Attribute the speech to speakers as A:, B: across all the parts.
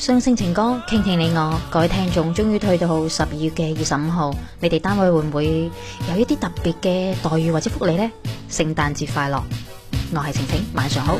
A: 雙星情歌，傾聽你我，各位聽眾，終於退到十二月嘅二十五號，你哋單位會唔會有一啲特別嘅待遇或者福利呢？聖誕節快樂，我係晴晴，晚上好。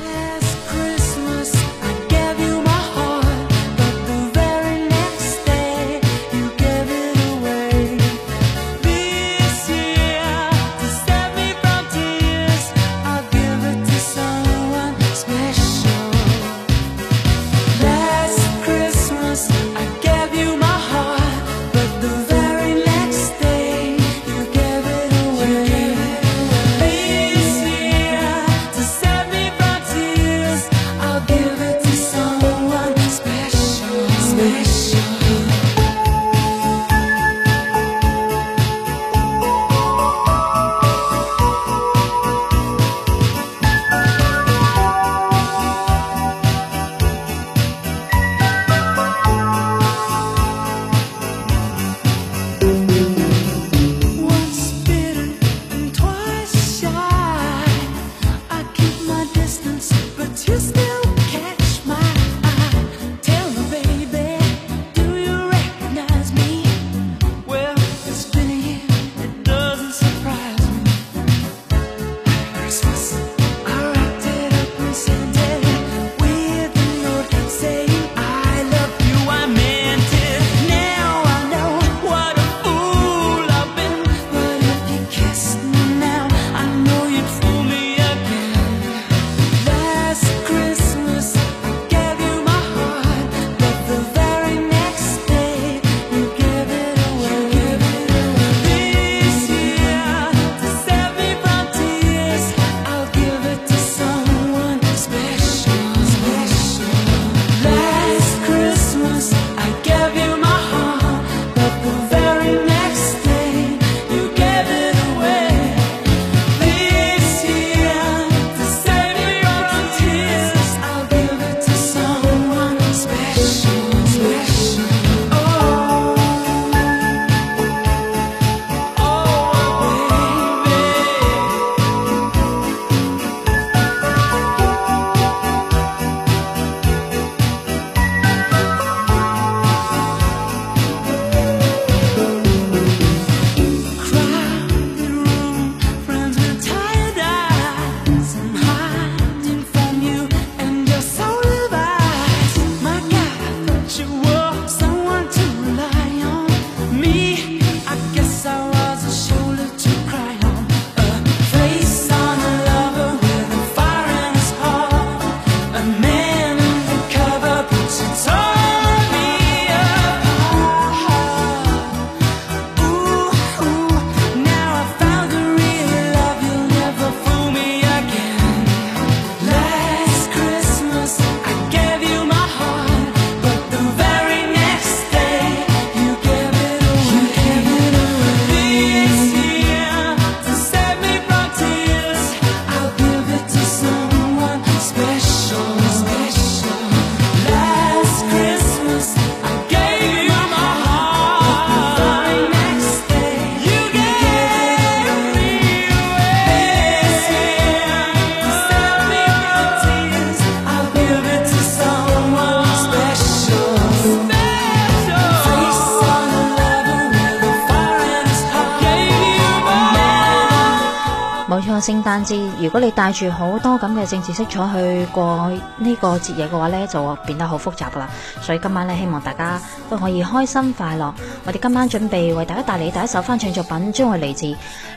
A: 如果你帶住好多咁嘅政治色彩去過呢個節日嘅話呢，就變得好複雜噶啦。所以今晚呢，希望大家都可以開心快樂。我哋今晚準備為大家帶嚟第一首翻唱作品，將會嚟自黎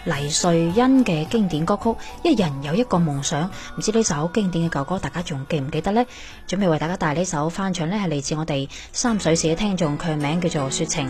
A: 瑞恩嘅經典歌曲《一人有一個夢想》。唔知呢首經典嘅舊歌，大家仲記唔記得呢？準備為大家帶呢首翻唱呢，係嚟自我哋三水市嘅聽眾，佢名叫做雪晴。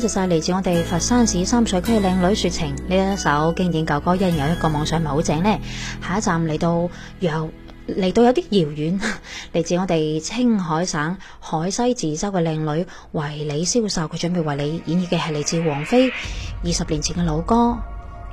A: 就晒嚟自我哋佛山市三水區嘅靚女雪晴呢一首經典舊歌，一人有一個夢想，唔係好正咧。下一站嚟到，到有嚟到有啲遙遠，嚟自我哋青海省海西自治州嘅靚女為你銷售，佢準備為你演繹嘅係嚟自王菲二十年前嘅老歌。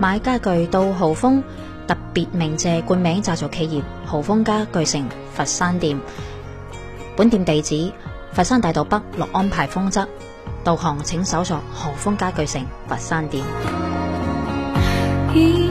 A: 買傢具到豪豐，特別鳴謝冠名贊助企業豪豐傢具城佛山店，本店地址：佛山大道北樂安牌坊側。導航請搜索豪豐傢具城佛山店。一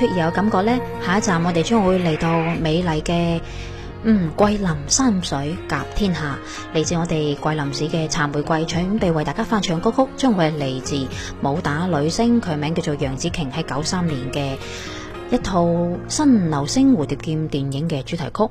A: 出現有感覺咧，下一站我哋將會嚟到美麗嘅嗯桂林山水甲天下。嚟自我哋桂林市嘅茶玫瑰準備為大家翻唱歌曲，將會嚟自武打女星，佢名叫做楊紫瓊喺九三年嘅一套《新流星蝴蝶劍》電影嘅主題曲。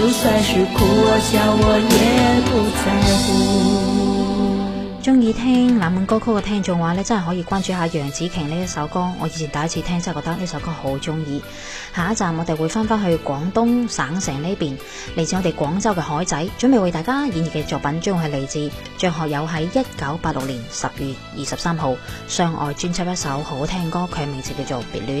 A: 就算是苦我笑，我也不在乎。中意聽冷門歌曲嘅聽眾話呢真係可以關注下楊紫晴呢一首歌。我以前第一次聽真係覺得呢首歌好中意。下一站我哋會翻返去廣東省城呢邊，嚟自我哋廣州嘅海仔，準備為大家演繹嘅作品將會係嚟自張學友喺一九八六年十月二十三號《相愛》專輯一首好聽歌，佢嘅名字叫做《別戀》。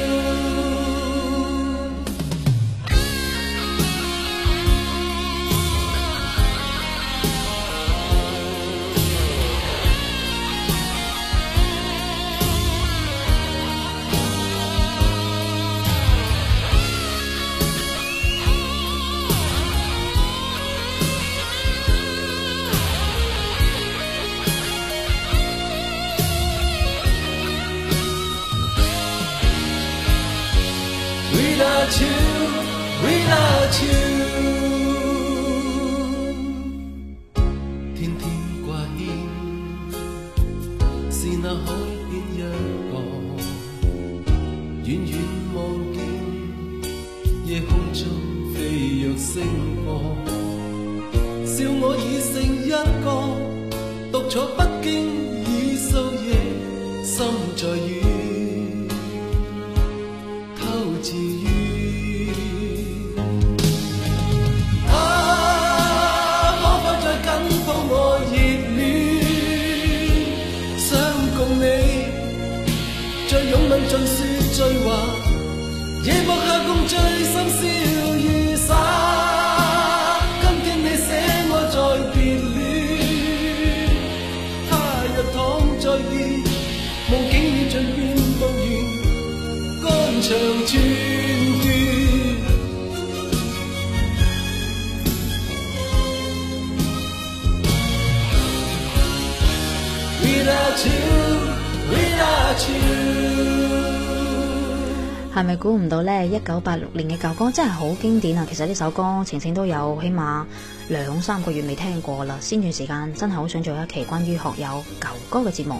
A: 係咪估唔到呢？一九八六年嘅舊歌真係好經典啊！其實呢首歌晴晴都有，起碼兩三個月未聽過啦。先段時間真係好想做一期關於學友舊歌嘅節目。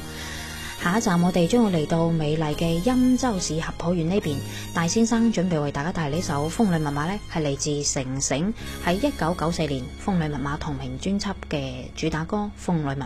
A: 下一站我哋將要嚟到美麗嘅欽州市合浦縣呢邊，大先生準備為大家帶嚟呢首《風雷密碼》，呢係嚟自晴晴喺一九九四年《風雷密碼》同名專輯嘅主打歌《風雷密碼》。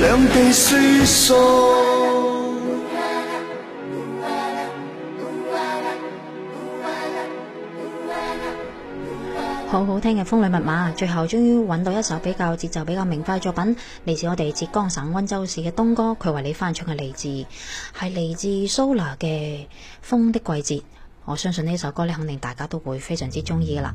A: 兩地好好聽嘅風裏密碼，最後終於揾到一首比較節奏比較明快嘅作品，嚟自我哋浙江省溫州市嘅東哥，佢為你翻唱嘅嚟自係嚟自蘇娜嘅《風的季節》，我相信呢首歌咧，肯定大家都會非常之中意噶啦。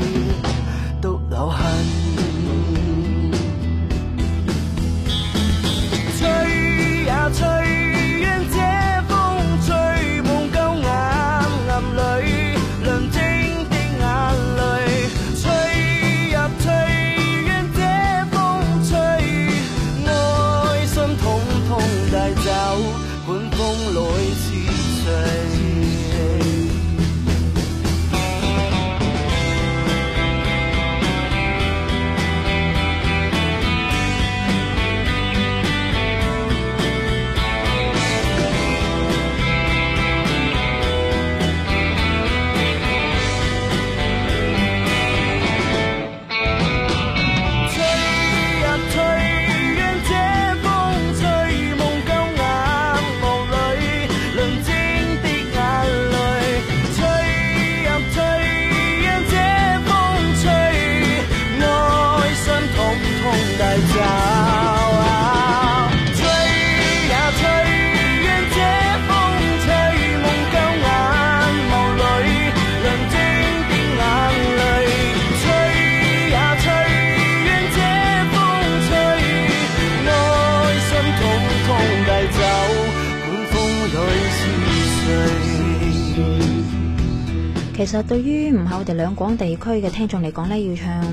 A: 對於唔係我哋兩廣地區嘅聽眾嚟講呢，要唱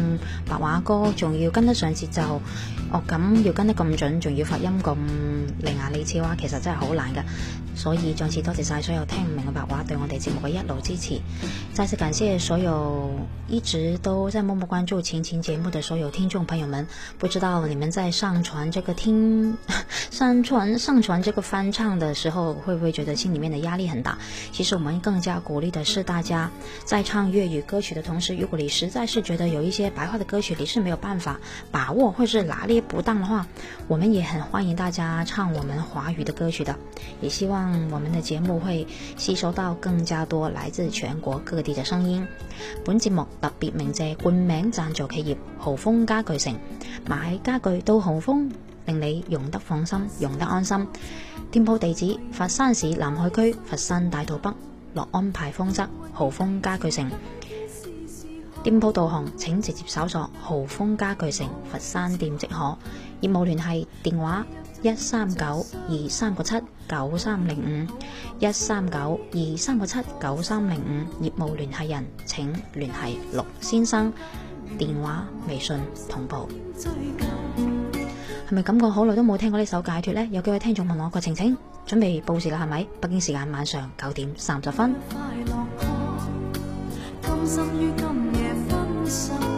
A: 白話歌，仲要跟得上節奏，哦，咁要跟得咁準，仲要發音咁伶牙俐齒，哇！其實真係好難噶。所以再次多謝晒所有聽唔明嘅白話對我哋節目嘅一路支持，再次感謝所有一直都在默默關注晴晴節目的所有聽眾朋友們。不知道你們在上傳這個聽上傳上傳這個翻唱的時候，會不會覺得心裏面的壓力很大？其實我們更加鼓勵的是大家在唱粵語歌曲的同時，如果你實在是覺得有一些白話的歌曲你是沒有辦法把握或者拿捏不當的話，我們也很歡迎大家唱我們華語的歌曲的，也希望。嗯，我們的節目會吸收到更加多來自全國各地嘅聲音。本節目特別鳴謝冠名贊助企業豪豐家具城，買家具到豪豐，令你用得放心，用得安心。店鋪地址：佛山市南海區佛山大道北樂安牌坊側豪豐家具城。店鋪導航，請直接搜索豪豐家具城佛山店即可。業務聯繫電話。一三九二三九七九三零五，一三九二三九七九三零五，業務聯繫人請聯繫陸先生，電話微信同步。係咪感覺好耐都冇聽過呢首解脫咧？有幾位聽眾問我個晴晴，準備報時啦，係咪？北京時間晚上九點三十分。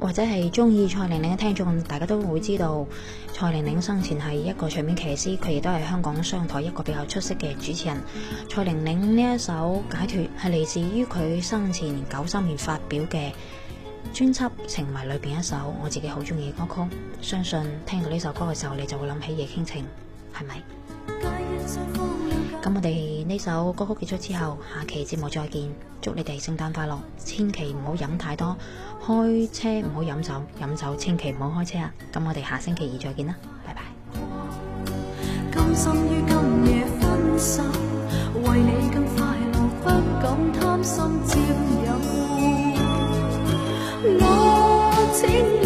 A: 或者係中意蔡玲玲嘅聽眾，大家都會知道蔡玲玲生前係一個唱片騎師，佢亦都係香港商台一個比較出色嘅主持人。嗯、蔡玲玲呢一首《解脫》係嚟自於佢生前九三年發表嘅專輯《情迷》裏邊一首，我自己好中意嘅歌曲。相信聽到呢首歌嘅時候，你就會諗起夜《夜傾情》，係咪？咁我哋呢首歌曲結束之後，下期節目再見。祝你哋聖誕快樂，千祈唔好飲太多，開車唔好飲酒，飲酒千祈唔好開車啊！咁我哋下星期二再見啦，拜拜。